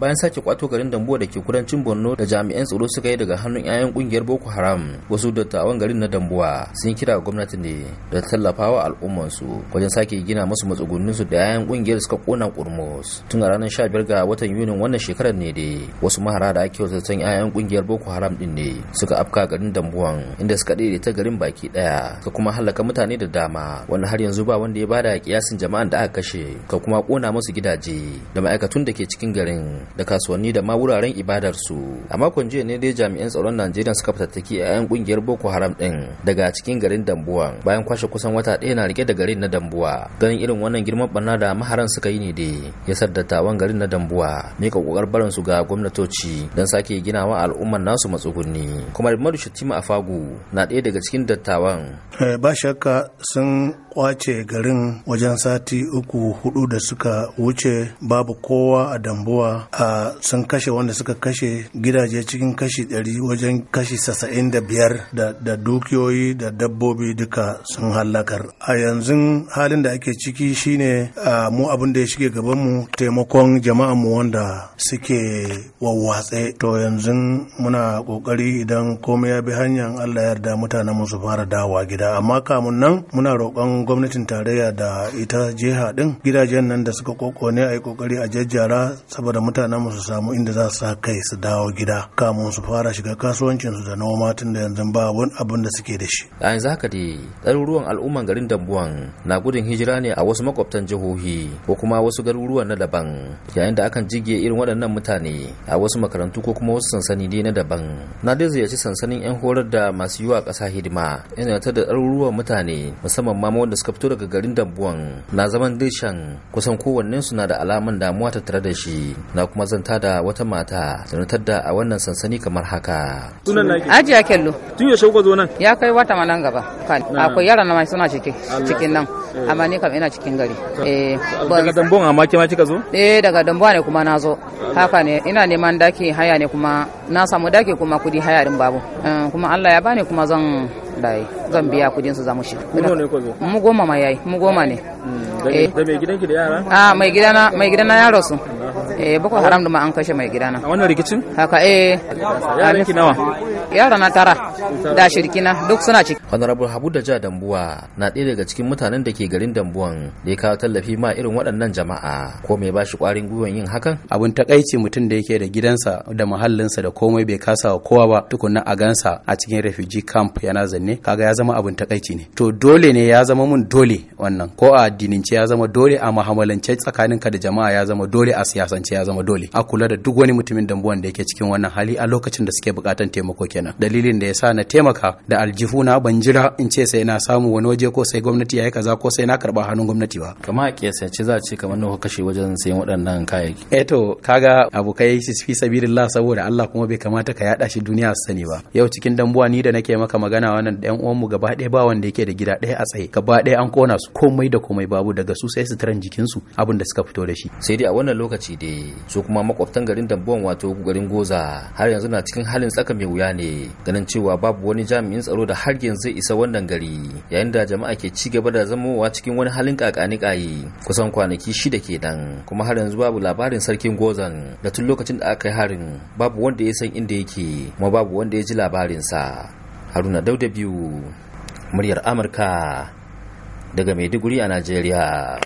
bayan sake kwato garin dambo da ke kudancin borno da jami'an tsaro suka yi daga hannun 'ya'yan kungiyar boko haram wasu dattawan garin na dambuwa sun kira gwamnati ne da tallafawa al'ummansu wajen sake gina musu su da 'ya'yan kungiyar suka kona kurmus tun a ranar 15 ga watan yunin wannan shekarar ne dai wasu mahara da ake wasan 'ya'yan kungiyar boko haram din ne suka afka garin dambuwan inda suka daidaita garin baki daya Ka kuma halaka mutane da dama wanda har yanzu ba wanda ya bada kiyasin jama'an da aka kashe ka kuma kona musu gidaje da ma'aikatun da ke cikin garin da kasuwanni da ma wuraren ibadar su a makon jiya ne dai jami'an tsaron Najeriya suka fatattaki a 'yan kungiyar Boko Haram din daga cikin garin Dambuwa bayan kwashe kusan wata ɗaya na rike da garin na Dambuwa ganin irin wannan girman barna da maharan suka yi ne dai ya dattawan garin na Dambuwa ne ka kokar barin su ga gwamnatoci don sake ginawa al'ummar nasu matsuguni kuma Madu Shatima fagu na ɗaya daga cikin dattawan eh, ba shakka sun kwace garin wajen sati uku hudu da suka wuce babu kowa a Dambuwa sun kashe wanda suka kashe gidaje cikin kashi 100 wajen kashi 75 da da dukiyoyi da dabbobi duka sun hallakar a yanzu halin da ake ciki shine mu abin da ya shige gabanmu taimakon mu wanda suke wawwatse to yanzu muna kokari idan komai ya bi hanyar allah yarda mutanen mu su fara dawa gida amma kamun nan muna roƙon gwamnatin tarayya da ita jiha din gidajen nan da suka kokone a yi kokari a jajjara saboda mutane mutanen su samu inda za su kai su dawo gida kamun su fara shiga kasuwancin su da noma tun da yanzu ba wani abin da suke da shi a yanzu haka dai ɗaruruwan al'umman garin dambuwan na gudun hijira ne a wasu makwabtan jihohi ko kuma wasu garuruwan na daban yayin da akan jige irin waɗannan mutane a wasu makarantu ko kuma wasu sansani dai na daban na dai ziyarci sansanin yan horar da masu yiwa ƙasa hidima yana ta da ɗaruruwan mutane musamman ma wanda suka fito daga garin dambuwan na zaman dishan kusan kowannen su na da alaman damuwa tattare da shi na kuma zanta da wata mata tunatar da a wannan sansani kamar haka. ya kello. Tun ya shauka zo nan? Ya kai wata nan gaba. Akwai yara na mai suna cikin cikin nan. Eh. Amma ni kam ina cikin gari. Eh, daga Dambon amma kima kika zo? Eh daga Dambon ne kuma na zo. Haka ne ina neman daki haya ne kuma na samu daki kuma kudi haya din babu. Eh, kuma Allah ya bani kuma zan dai zan biya kudin su zamu shi. Mu goma ma yayi mu goma ne. Hmm, da mai gidanki da yara? Ah mai gidana mai gidana yaro su. eh boko haram da an kashe mai gidana a wannan rikicin haka eh yaran nawa na tara da shirkina duk suna ciki honorable habu da ja dambuwa na ɗaya daga cikin mutanen da ke garin dambuwan da ya kawo tallafi ma irin waɗannan jama'a ko mai bashi ƙwarin gwiwan yin hakan abun takaici mutum da yake da gidansa da muhallinsa da komai bai kasa wa kowa ba tukunna a gansa a cikin refugee camp yana zanne kaga ya zama abun takaici ne to dole ne ya zama mun dole wannan ko a addinance ya zama dole a mahamalance tsakaninka da jama'a ya zama dole a siyasa kasance ya zama dole a kula da duk wani mutumin dambuwan da yake cikin wannan hali a lokacin da suke bukatan taimako kenan dalilin da ya sa na taimaka da na ban jira in ce sai na samu wani waje ko sai gwamnati ya yi kaza ko sai na karba hannun gwamnati ba kamar a kiyasance za a ce kamar nawa kashe wajen sayan waɗannan kayayyaki eh to kaga shi fi sabilillah saboda Allah kuma bai kamata ka yada shi duniya su sani ba yau cikin dambuwa ni da nake maka magana wannan ɗan uwanmu gaba ɗaya ba wanda yake da gida ɗaya a tsaye gaba ɗaya an kona su komai da komai babu daga su sai jikin su abin da suka fito da shi sai dai a wannan lokaci da dambe eh, su kuma makwabtan garin dambuwan wato garin goza har yanzu na cikin halin tsaka mai wuya ne ganin cewa babu wani jami'in tsaro da har yanzu zai isa wannan gari yayin da jama'a ke ci gaba da zamowa cikin wani halin kakani kayi kusan kwanaki shida kenan kuma har yanzu babu labarin sarkin gozan da tun lokacin da aka yi harin babu wanda ya san inda yake kuma babu wanda ya ji labarinsa haruna dauda biyu muryar amurka daga maiduguri a najeriya